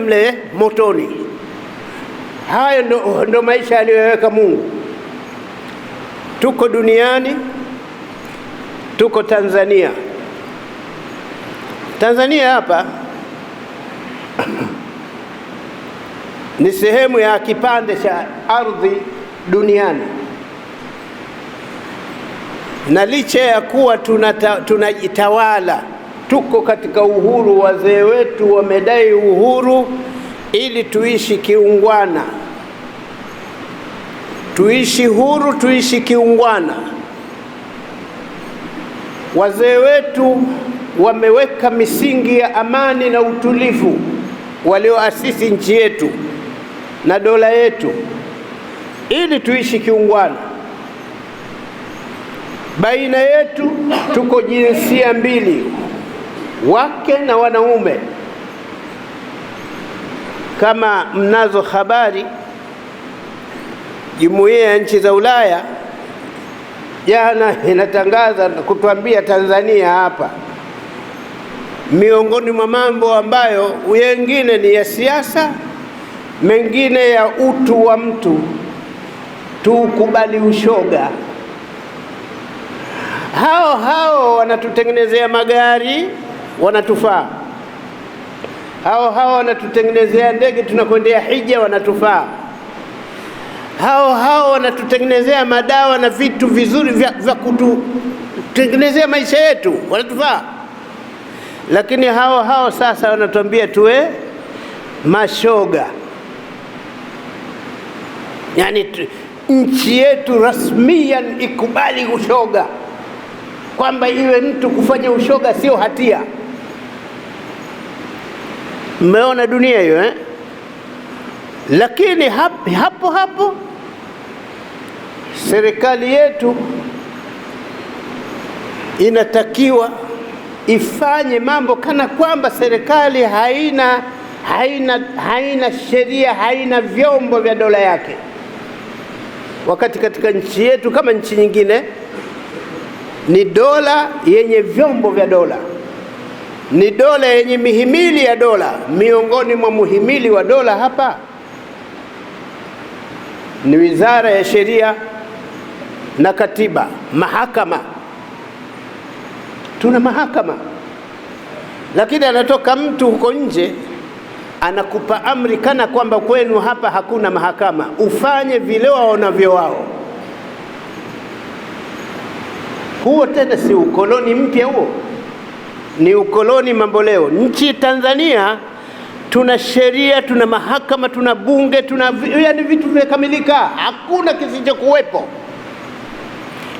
mle motoni. Hayo ndo, ndo maisha aliyoweka Mungu. Tuko duniani, tuko Tanzania. Tanzania hapa ni sehemu ya kipande cha ardhi duniani, na licha ya kuwa tunajitawala tuna tuko katika uhuru. Wazee wetu wamedai uhuru ili tuishi kiungwana, tuishi huru, tuishi kiungwana. Wazee wetu wameweka misingi ya amani na utulivu, walioasisi nchi yetu na dola yetu ili tuishi kiungwana. Baina yetu tuko jinsia mbili wake na wanaume. Kama mnazo habari, jumuiya ya nchi za Ulaya jana inatangaza kutuambia Tanzania hapa, miongoni mwa mambo ambayo wengine ni ya siasa, mengine ya utu wa mtu, tukubali ushoga. Hao hao wanatutengenezea magari wanatufaa hao hao, wanatutengenezea ndege tunakwendea hija, wanatufaa hao hao, wanatutengenezea madawa na vitu vizuri vya, vya kututengenezea maisha yetu, wanatufaa. Lakini hao hao sasa wanatuambia tuwe mashoga, yani nchi yetu rasmian ikubali ushoga, kwamba iwe mtu kufanya ushoga sio hatia. Mmeona dunia hiyo eh? Lakini hapo hapo, hapo serikali yetu inatakiwa ifanye mambo kana kwamba serikali haina haina haina sheria haina vyombo vya dola yake, wakati katika nchi yetu kama nchi nyingine ni dola yenye vyombo vya dola ni dola yenye mihimili ya dola. Miongoni mwa muhimili wa dola hapa ni wizara ya sheria na katiba, mahakama. Tuna mahakama, lakini anatoka mtu huko nje anakupa amri kana kwamba kwenu hapa hakuna mahakama, ufanye vile waonavyo wao. Huo tena si ukoloni mpya huo? ni ukoloni mambo leo. Nchi Tanzania tuna sheria, tuna mahakama, tuna bunge, tuna yaani vitu vimekamilika, hakuna kisichokuwepo.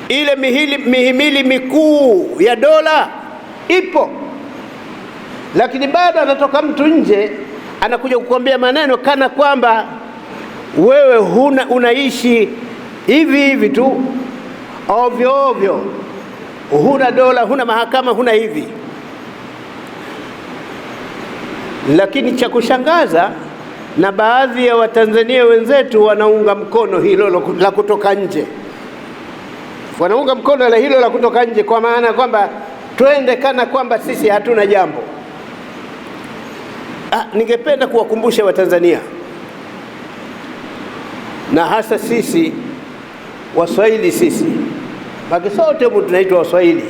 Ile mihili, mihimili mikuu ya dola ipo, lakini bado anatoka mtu nje anakuja kukuambia maneno kana kwamba wewe huna unaishi hivi hivi tu ovyo ovyo, huna dola, huna mahakama, huna hivi lakini cha kushangaza na baadhi ya Watanzania wenzetu wanaunga mkono hilo la kutoka nje, wanaunga mkono la hilo la kutoka nje, kwa maana kwamba twende kana kwamba sisi hatuna jambo. Ah, ningependa kuwakumbusha Watanzania na hasa sisi Waswahili, sisi baki sote, mtu tunaitwa Waswahili.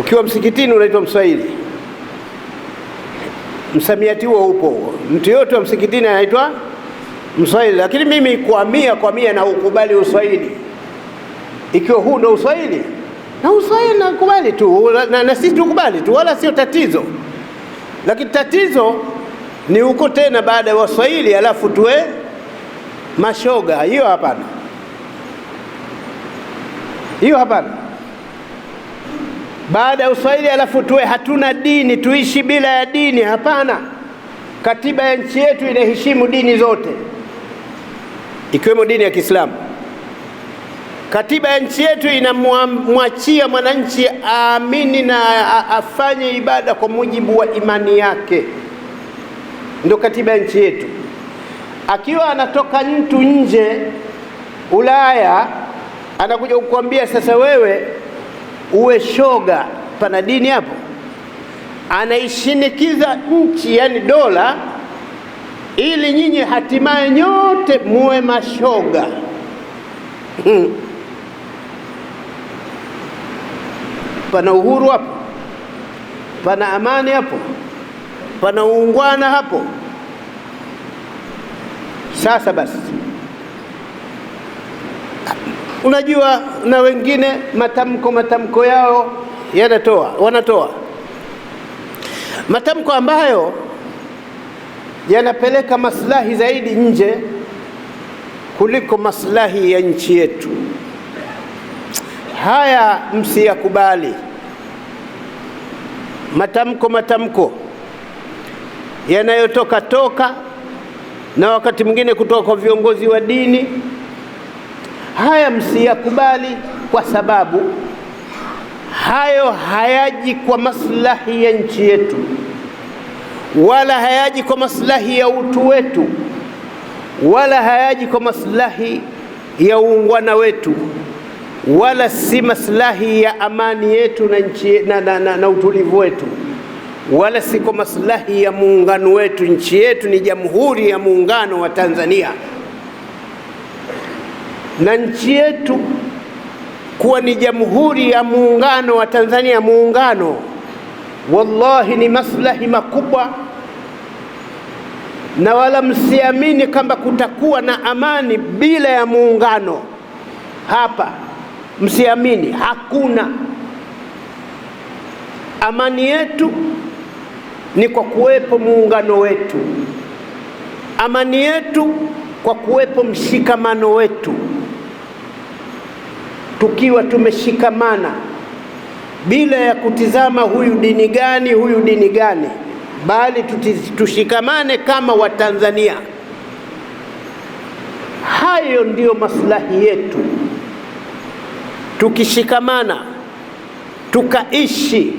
Ukiwa msikitini unaitwa Mswahili msamiati huo upo, mtu yote wa msikitini anaitwa Mswahili, lakini mimi kwa mia kwa mia na ukubali uswahili, ikiwa huu ndo uswahili na uswahili nakubali tu na, na sisi tukubali tu, wala sio tatizo. Lakini tatizo ni huko tena baada ya waswahili alafu tuwe mashoga. Hiyo hapana, hiyo hapana baada ya uswahili alafu tuwe hatuna dini, tuishi bila ya dini? Hapana. Katiba ya nchi yetu inaheshimu dini zote ikiwemo dini ya Kiislamu. Katiba ya nchi yetu inamwachia mwananchi aamini na afanye ibada kwa mujibu wa imani yake, ndio katiba ya nchi yetu. Akiwa anatoka mtu nje Ulaya anakuja kukuambia sasa, wewe uwe shoga, pana dini hapo? Anaishinikiza nchi, yani dola, ili nyinyi hatimaye nyote muwe mashoga Pana uhuru hapo? Pana amani hapo? Pana uungwana hapo? Sasa basi Unajua, na wengine matamko matamko yao yanatoa wanatoa matamko ambayo yanapeleka maslahi zaidi nje kuliko maslahi ya nchi yetu. Haya msiyakubali. Matamko matamko yanayotoka toka na wakati mwingine kutoka kwa viongozi wa dini Haya msiyakubali kwa sababu hayo hayaji kwa maslahi ya nchi yetu, wala hayaji kwa maslahi ya utu wetu, wala hayaji kwa maslahi ya uungwana wetu, wala si maslahi ya amani yetu na nchi, na, na, na, na utulivu wetu, wala si kwa maslahi ya muungano wetu. Nchi yetu ni Jamhuri ya Muungano wa Tanzania na nchi yetu kuwa ni Jamhuri ya Muungano wa Tanzania, muungano wallahi, ni maslahi makubwa, na wala msiamini kwamba kutakuwa na amani bila ya muungano hapa, msiamini, hakuna amani. Yetu ni kwa kuwepo muungano wetu, amani yetu kwa kuwepo mshikamano wetu tukiwa tumeshikamana bila ya kutizama huyu dini gani, huyu dini gani, bali tushikamane kama Watanzania. Hayo ndiyo maslahi yetu. Tukishikamana tukaishi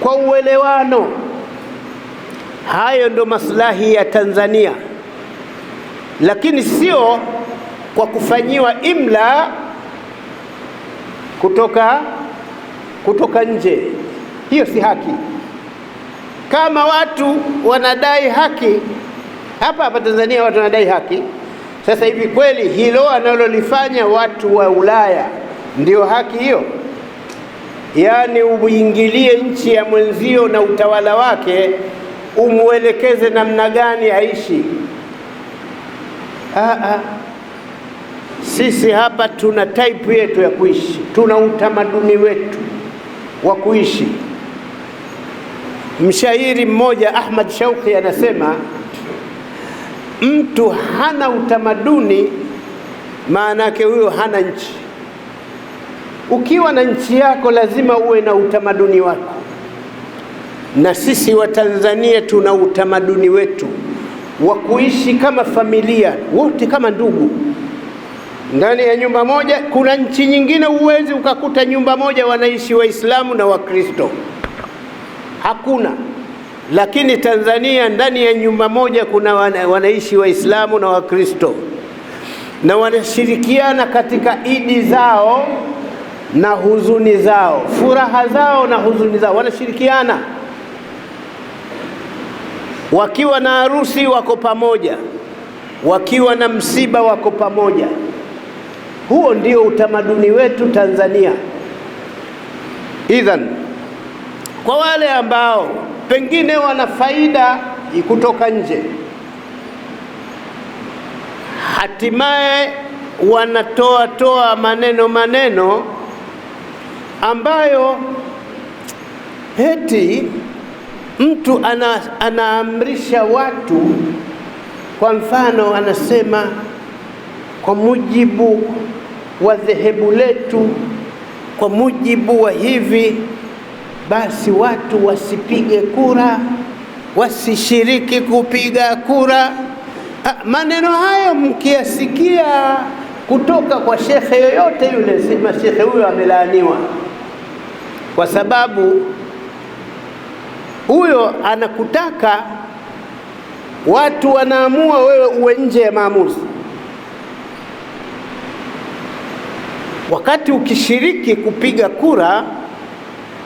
kwa uelewano, hayo ndo maslahi ya Tanzania, lakini sio kwa kufanyiwa imla kutoka kutoka nje. Hiyo si haki. Kama watu wanadai haki hapa hapa Tanzania, watu wanadai haki sasa hivi. Kweli hilo analolifanya watu wa Ulaya ndio haki hiyo? Yaani uingilie nchi ya mwenzio na utawala wake umwelekeze namna gani aishi? Ah, ah. Sisi hapa tuna type yetu ya kuishi, tuna utamaduni wetu wa kuishi. Mshairi mmoja Ahmad Shauki anasema mtu hana utamaduni, maana yake huyo hana nchi. Ukiwa na nchi yako lazima uwe na utamaduni wako, na sisi Watanzania tuna utamaduni wetu wa kuishi kama familia wote, kama ndugu ndani ya nyumba moja. Kuna nchi nyingine huwezi ukakuta nyumba moja wanaishi Waislamu na Wakristo, hakuna. Lakini Tanzania ndani ya nyumba moja kuna wanaishi Waislamu na Wakristo na wanashirikiana katika idi zao na huzuni zao, furaha zao na huzuni zao, wanashirikiana. Wakiwa na harusi wako pamoja, wakiwa na msiba wako pamoja. Huo ndio utamaduni wetu Tanzania. Idhan, kwa wale ambao pengine wana faida kutoka nje, hatimaye wanatoa toa maneno maneno ambayo heti mtu ana, anaamrisha watu. Kwa mfano anasema kwa mujibu wa dhehebu letu kwa mujibu wa hivi, basi watu wasipige kura, wasishiriki kupiga kura. Ah, maneno hayo mkiyasikia kutoka kwa shekhe yoyote yule, sema shekhe huyo amelaaniwa, kwa sababu huyo anakutaka watu wanaamua, wewe uwe nje ya maamuzi. Wakati ukishiriki kupiga kura,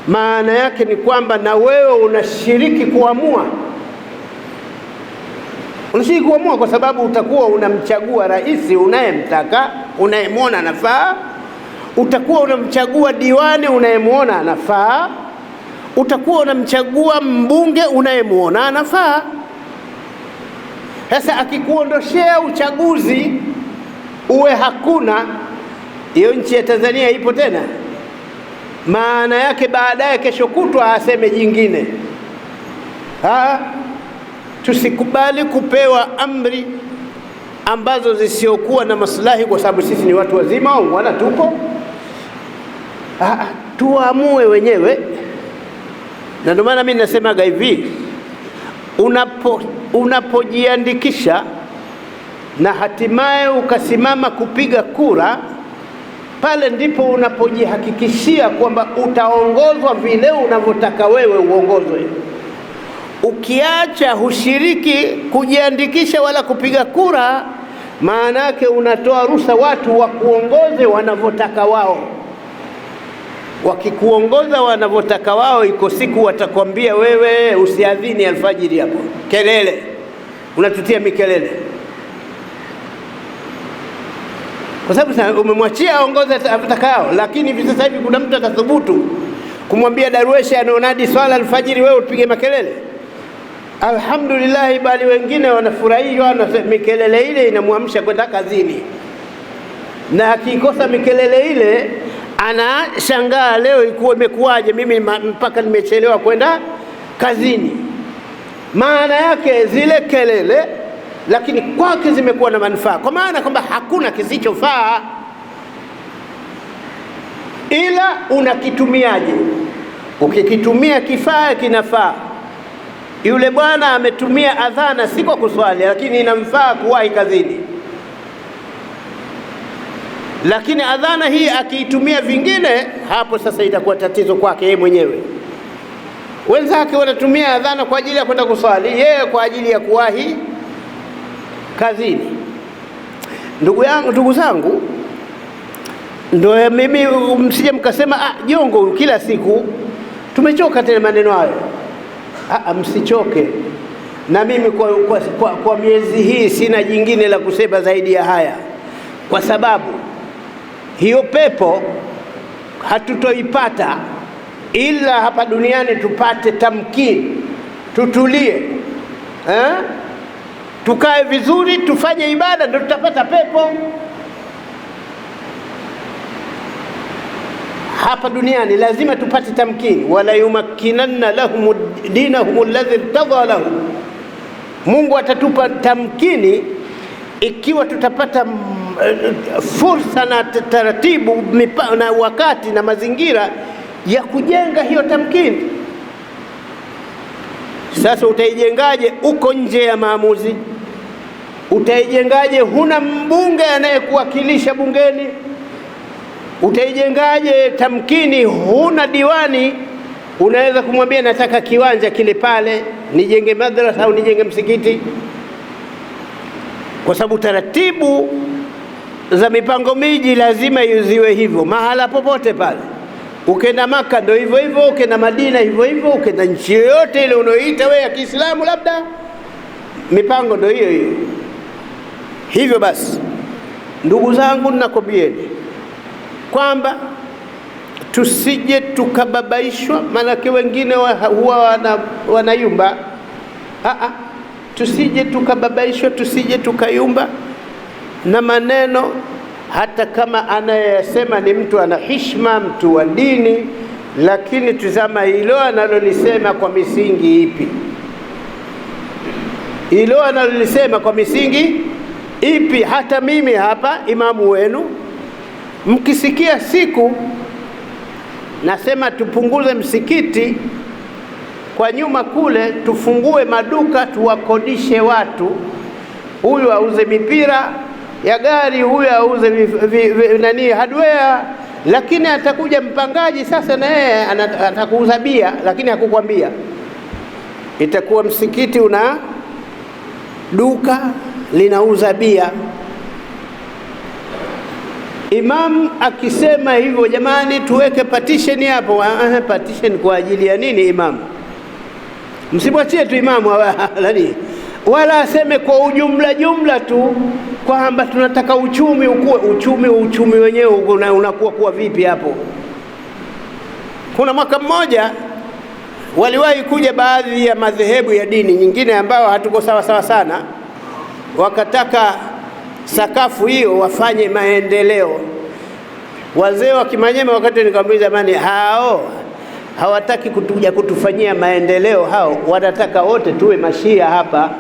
maana yake ni kwamba na wewe unashiriki kuamua, unashiriki kuamua, kwa sababu utakuwa unamchagua rais unayemtaka, unayemwona anafaa, utakuwa unamchagua diwani unayemwona anafaa, utakuwa unamchagua mbunge unayemwona anafaa. Sasa akikuondoshea uchaguzi uwe hakuna hiyo nchi ya Tanzania ipo tena? Maana yake baadaye, kesho kutwa aseme jingine. Ha, tusikubali kupewa amri ambazo zisiokuwa na maslahi, kwa sababu sisi ni watu wazima, wana tupo, tuamue wenyewe. Na ndio maana mimi nasemaga hivi, unapo unapojiandikisha na hatimaye ukasimama kupiga kura pale ndipo unapojihakikishia kwamba utaongozwa vile unavyotaka wewe uongozwe. Ukiacha hushiriki kujiandikisha wala kupiga kura, maana yake unatoa ruhusa watu wakuongoze wanavyotaka wao. Wakikuongoza wanavyotaka wao, iko siku watakwambia wewe usiadhini alfajiri hapo, kelele unatutia mikelele kwa sababu umemwachia aongoze atakao. Lakini hivi sasa hivi kuna mtu atathubutu kumwambia darueshi anaonadi swala alfajiri, wewe upige makelele? Alhamdulillah, bali wengine wanafurahishwa na mikelele ile, inamwamsha kwenda kazini, na akikosa mikelele ile anashangaa leo ikuwa imekuwaje, mimi mpaka nimechelewa kwenda kazini. Maana yake zile kelele lakini kwake zimekuwa na manufaa, kwa maana kwamba hakuna kisichofaa, ila unakitumiaje. Ukikitumia kifaa kinafaa. Yule bwana ametumia adhana si kwa kuswali, lakini inamfaa kuwahi kazini, lakini adhana hii akiitumia vingine, hapo sasa itakuwa tatizo kwake yeye mwenyewe. Wenzake wanatumia adhana kwa ajili ya kwenda kuswali, yeye kwa ajili ya kuwahi kazini. Ndugu yangu, ndugu zangu, ndo mimi, msije mkasema ah, Jongo kila siku tumechoka tena maneno hayo. Ah, ah, msichoke na mimi kwa, kwa, kwa, kwa miezi hii sina jingine la kusema zaidi ya haya, kwa sababu hiyo pepo hatutoipata ila hapa duniani tupate tamkini, tutulie eh? tukae vizuri, tufanye ibada, ndio tutapata pepo hapa duniani. Lazima tupate tamkini, wala yumakkinanna lahum dinahum alladhi irtadha lahum, Mungu atatupa tamkini ikiwa tutapata mm, fursa na taratibu na wakati na mazingira ya kujenga hiyo tamkini. Sasa utaijengaje uko nje ya maamuzi? Utaijengaje huna mbunge anayekuwakilisha bungeni? Utaijengaje tamkini huna diwani unaweza kumwambia nataka kiwanja kile pale nijenge madrasa au nijenge msikiti? Kwa sababu taratibu za mipango miji lazima iuziwe hivyo mahala popote pale. Ukenda Maka ndo hivyo hivyo, ukenda Madina hivyo hivyo, ukenda nchi yoyote ile unaoita wewe ya Kiislamu, labda mipango ndo hiyo hiyo. Hivyo basi, ndugu zangu, ninakwambieni kwamba tusije tukababaishwa, maanake wengine huwa wana, wanayumba. Aa, tusije tukababaishwa, tusije tukayumba na maneno hata kama anayeyasema ni mtu ana hishma, mtu wa dini, lakini tuzama hilo analolisema kwa misingi ipi? Hilo analolisema kwa misingi ipi? Hata mimi hapa imamu wenu, mkisikia siku nasema tupunguze msikiti kwa nyuma kule, tufungue maduka tuwakodishe watu, huyu auze mipira ya gari, huyo auze nani hardware, lakini atakuja mpangaji sasa na yeye atakuuza bia, lakini hakukwambia. Itakuwa msikiti una duka linauza bia. Imam akisema hivyo, jamani, tuweke partition hapo. Ah, ah partition kwa ajili ya nini? Imam msimwachie tu imamu nani wala aseme kwa ujumla jumla tu kwamba tunataka uchumi ukue. Uchumi uchumi wenyewe unakuwa kuwa vipi? Hapo kuna mwaka mmoja waliwahi kuja baadhi ya madhehebu ya dini nyingine ambayo hatuko sawa sawa sana, wakataka sakafu hiyo wafanye maendeleo. Wazee wa Kimanyema wakati nikamwambia, zamani, hao hawataki kutuja kutufanyia maendeleo, hao wanataka wote tuwe mashia hapa.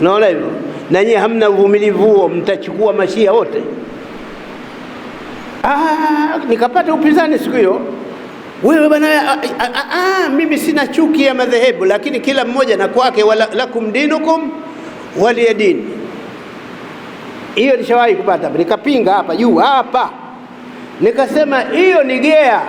Naona hivyo na nyie hamna uvumilivu huo, mtachukua mashia wote. Ah, nikapata upinzani siku hiyo, wewe bwana, mimi sina chuki ya madhehebu, lakini kila mmoja na kwake, wala lakum dinukum waliya dini. Hiyo nishawahi kupata, nikapinga hapa juu hapa, nikasema hiyo ni gea,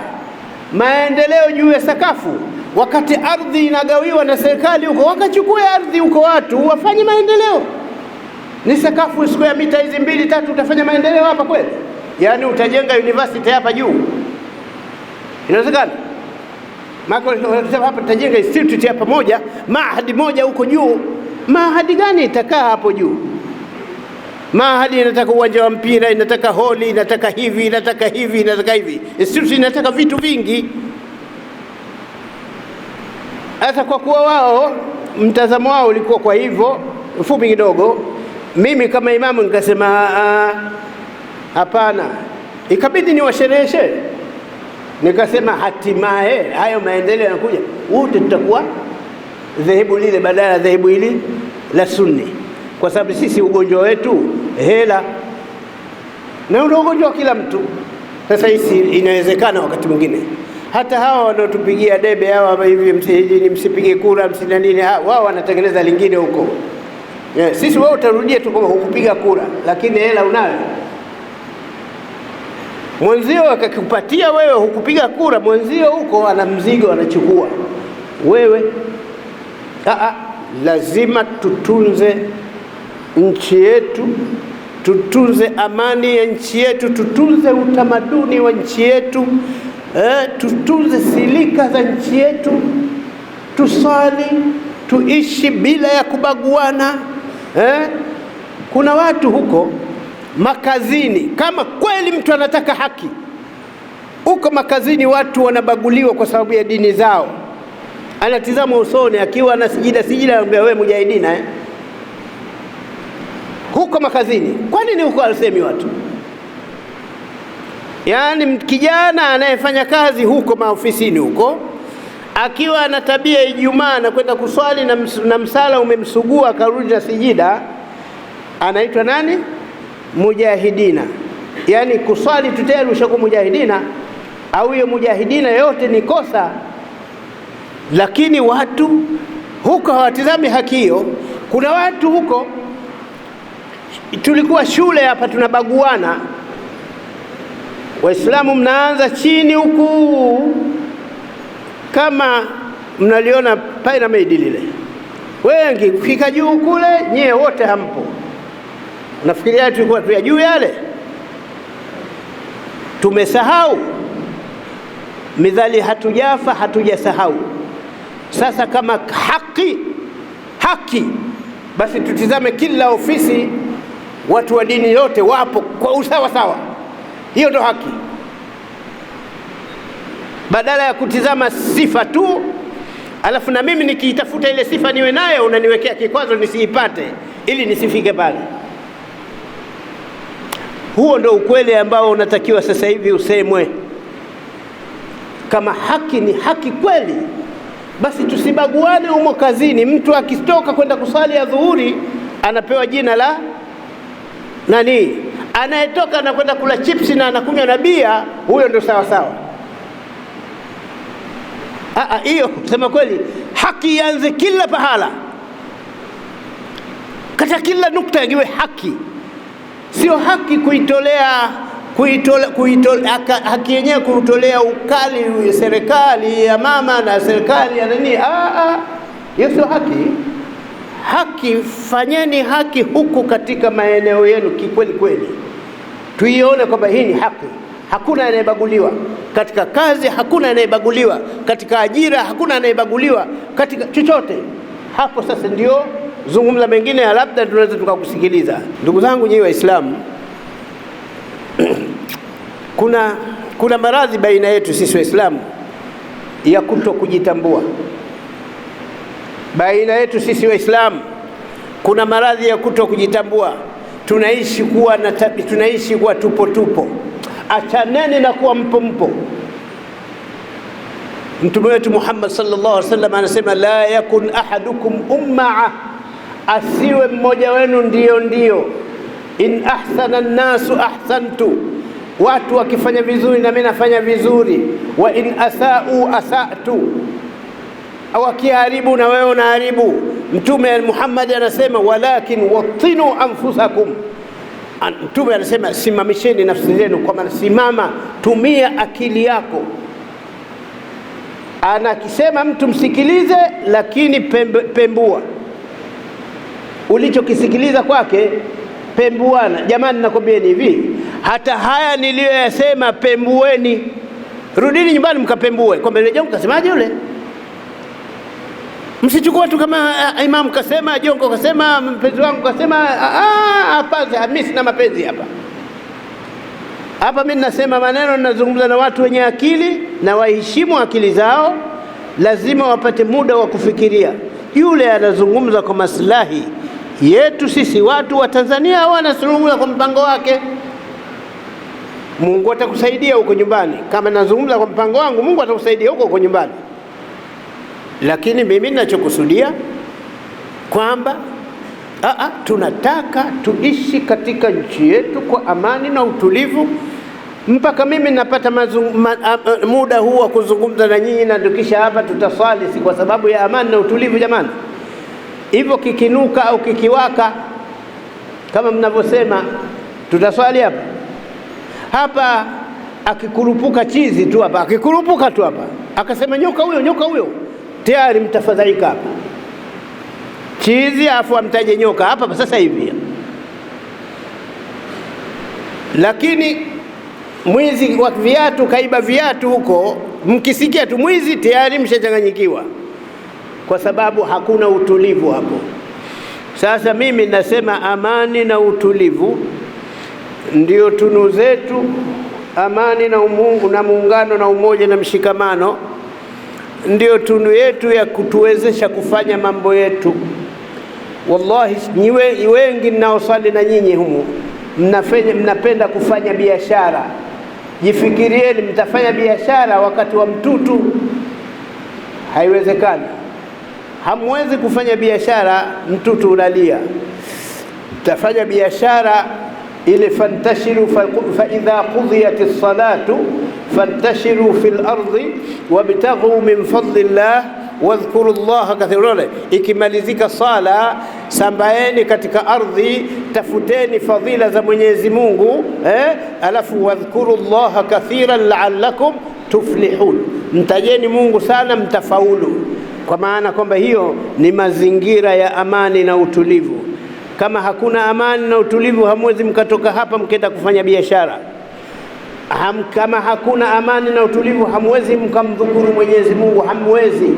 maendeleo juu ya sakafu wakati ardhi inagawiwa na serikali huko, wakachukue ardhi huko watu wafanye maendeleo. Ni sakafu square mita hizi mbili tatu, utafanya maendeleo hapa kweli? Yaani utajenga university hapa juu, inawezekana? Hapa tutajenga institute hapa moja, mahadi moja huko juu. Mahadi gani itakaa hapo juu? Mahadi inataka uwanja wa mpira, inataka holi, inataka hivi, inataka hivi, inataka hivi. Institute inataka vitu vingi. Sasa kwa kuwa wao mtazamo wao ulikuwa kwa hivyo, mfupi kidogo, mimi kama imamu nikasema ah, ah, hapana, ikabidi niwashereheshe. Nikasema hatimaye hayo maendeleo yanakuja, wote tutakuwa dhehebu lile badala ya dhehebu hili la Sunni, kwa sababu sisi ugonjwa wetu hela na ugonjwa wa kila mtu. Sasa hii inawezekana wakati mwingine hata hawa wanaotupigia debe hawa hivi, msijini, msipige kura, msina nini, wao wanatengeneza lingine huko. Eh, sisi wao utarudia tu kama hukupiga kura, lakini hela unayo. Mwenzio akakupatia wewe, hukupiga kura, mwenzio huko ana mzigo anachukua wewe. Aa, lazima tutunze nchi yetu, tutunze amani ya nchi yetu, tutunze utamaduni wa nchi yetu eh, tutunze silika za nchi yetu, tusali, tuishi bila ya kubaguana eh. Kuna watu huko makazini, kama kweli mtu anataka haki huko makazini, watu wanabaguliwa kwa sababu ya dini zao. Anatizama usoni akiwa na sijida sijida, anambia wewe mujahidina eh? Huko makazini, kwa nini huko alisemi watu Yaani kijana anayefanya kazi huko maofisini huko akiwa ana tabia Ijumaa anakwenda kuswali na, ms na msala umemsugua akarudi na sijida, anaitwa nani? Mujahidina. Yaani kuswali tutele ushaku mujahidina, au hiyo mujahidina yote ni kosa, lakini watu huko hawatizami haki hiyo. Kuna watu huko, tulikuwa shule hapa tunabaguana Waislamu mnaanza chini huku, kama mnaliona pyramid lile, wengi kufika juu kule, nyie wote hampo. nafikiria tulikuwa tu ya juu yale? Tumesahau midhali, hatujafa hatujasahau. Sasa kama haki haki, basi tutizame kila ofisi, watu wa dini yote wapo kwa usawa sawa hiyo ndo haki, badala ya kutizama sifa tu, alafu na mimi nikiitafuta ile sifa niwe nayo, unaniwekea kikwazo nisiipate ili nisifike pale. Huo ndo ukweli ambao unatakiwa sasa hivi usemwe. Kama haki ni haki kweli, basi tusibaguane humo kazini. Mtu akitoka kwenda kusali ya dhuhuri anapewa jina la nani? Anayetoka na kwenda kula chipsi na anakunywa na bia, huyo ndio sawa sawa. Ah, ah, hiyo sema kweli, haki ianze kila pahala, katika kila nukta iwe haki. Sio haki kuitolea kuitole, kuitole, haki yenyewe kuitolea ukali serikali ya mama na serikali ya nani. Ah, hiyo sio haki haki, fanyeni haki huku katika maeneo yenu kikweli kweli, tuione kwamba hii ni haki. Hakuna anayebaguliwa katika kazi, hakuna anayebaguliwa katika ajira, hakuna anayebaguliwa katika chochote. Hapo sasa ndio zungumza mengine ya labda tunaweza tukakusikiliza. Ndugu zangu nyinyi Waislamu, kuna kuna maradhi baina yetu sisi Waislamu ya kuto kujitambua baina yetu sisi Waislamu kuna maradhi ya kuto kujitambua. Tunaishi kuwa na tunaishi kuwa tupo tupo, achaneni na kuwa mpo mpo. Mtume wetu Muhammad sallallahu alaihi wasallam anasema, la yakun ahadukum ummaa, asiwe mmoja wenu ndiyo ndio In ahsana nnasu ahsantu, watu wakifanya vizuri na mimi nafanya vizuri. Wa in asau asatu wakiharibu na wewe unaharibu. Mtume Muhammad anasema walakin watinu anfusakum Mtume anasema simamisheni nafsi zenu, kwa maana simama, tumia akili yako. Anakisema mtu msikilize, lakini pembua ulichokisikiliza kwake, pembuana. Jamani, nakwambieni hivi, hata haya niliyoyasema pembueni, rudini nyumbani mkapembue, kwamba ile jambo kasemaje yule Msichukua tu kama uh, eh, eh, imamu kasema, Jongo kasema, mpenzi wangu kasema. Ah, ah, hapana, mimi sina mapenzi hapa hapa. Mimi ninasema maneno, ninazungumza na watu wenye akili na waheshimu akili zao, lazima wapate muda wa kufikiria. Yule anazungumza kwa maslahi yetu sisi watu wa Tanzania, au anazungumza kwa mpango wake? Mungu atakusaidia huko nyumbani. Kama nazungumza kwa mpango wangu, Mungu atakusaidia huko huko nyumbani lakini mimi ninachokusudia kwamba aa, ah, ah, tunataka tuishi katika nchi yetu kwa amani na utulivu. Mpaka mimi napata mazung, ma, a, ah, muda huu wa kuzungumza na nyinyi, na tukisha hapa tutaswali, si kwa sababu ya amani na utulivu jamani. Hivyo kikinuka au kikiwaka kama mnavyosema, tutaswali hapa hapa. Akikurupuka chizi tu hapa, akikurupuka tu hapa, akasema nyoka huyo, nyoka huyo tayari mtafadhaika hapa, chizi afu amtaje nyoka hapa sasa hivi. Lakini mwizi wa viatu kaiba viatu huko, mkisikia tu mwizi tayari mshachanganyikiwa, kwa sababu hakuna utulivu hapo. Sasa mimi nasema amani na utulivu ndio tunu zetu, amani na umungu na muungano na umoja na mshikamano ndiyo tunu yetu ya kutuwezesha kufanya mambo yetu. Wallahi, nyiwe wengi mnaosali na nyinyi humu mnafanya, mnapenda kufanya biashara. Jifikirieni, mtafanya biashara wakati wa mtutu? Haiwezekani. Hamwezi kufanya biashara mtutu unalia. Mtafanya biashara ile fantashiru fa idha qudiyat as-salatu fantashiru fil ardi wabtaghu min llah wadhkuru llaha kathiran, ikimalizika sala sambaeni katika ardhi tafuteni fadhila za Mwenyezi Mungu eh? Alafu wadhkuru llaha kathiran la'allakum tuflihun, mtajeni Mungu sana mtafaulu. Kwa maana kwamba hiyo ni mazingira ya amani na utulivu. Kama hakuna amani na utulivu, hamwezi mkatoka hapa mkenda kufanya biashara. Ham, kama hakuna amani na utulivu, hamwezi mkamdhukuru Mwenyezi Mungu, hamwezi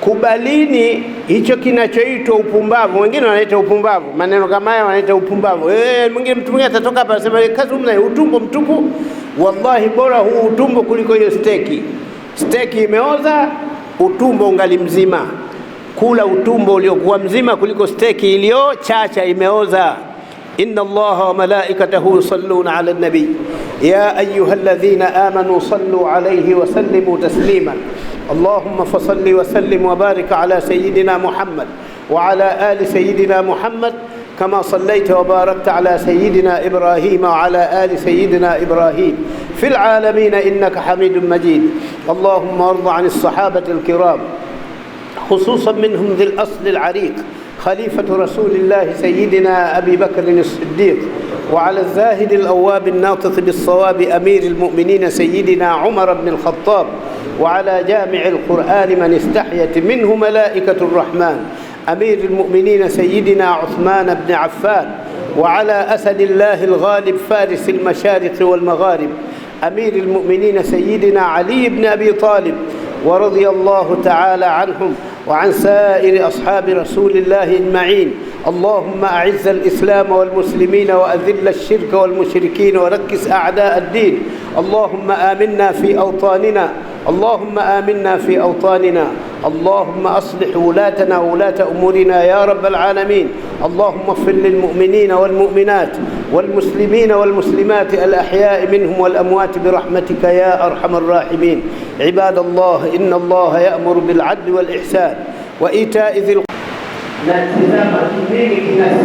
kubalini hicho kinachoitwa upumbavu. Wengine wanaita upumbavu, maneno kama haya wanaita upumbavu. E, mwingine mtu mwingine atatoka hapa anasema eh, kazungumza utumbo mtupu. Wallahi, bora huu utumbo kuliko hiyo steki. Steki imeoza, utumbo ungali mzima. kula utumbo uliokuwa mzima kuliko steki iliyochacha imeoza. inna Allaha wa malaikatahu yusalluna ala nabi ya ayyuhalladhina amanu sallu alayhi wa sallimu taslima Allahumma fasalli wa sallim wa barik ala sayyidina Muhammad wa ala ali sayyidina Muhammad كما صليت وباركت على سيدنا إبراهيم وعلى آل سيدنا إبراهيم في العالمين إنك حميد مجيد اللهم وارض عن الصحابة الكرام خصوصا منهم ذي الأصل العريق خليفة رسول الله سيدنا أبي بكر الصديق وعلى الزاهد الأواب الناطق بالصواب أمير المؤمنين سيدنا عمر بن الخطاب وعلى جامع القرآن من استحيت منه ملائكة الرحمن أمير المؤمنين سيدنا عثمان بن عفان وعلى أسد الله الغالب فارس المشارق والمغارب أمير المؤمنين سيدنا علي بن أبي طالب ورضي الله تعالى عنهم وعن سائر أصحاب رسول الله أجمعين اللهم أعز الإسلام والمسلمين وأذل الشرك والمشركين وركز أعداء الدين اللهم آمنا في أوطاننا اللهم آمنا في أوطاننا اللهم أصلح ولاتنا ولاة أمورنا يا رب العالمين اللهم اغفر للمؤمنين والمؤمنات والمسلمين والمسلمات الأحياء منهم والأموات برحمتك يا أرحم الراحمين عباد الله إن الله يأمر بالعدل والإحسان وإيتاء ذي na tizama kimengi kina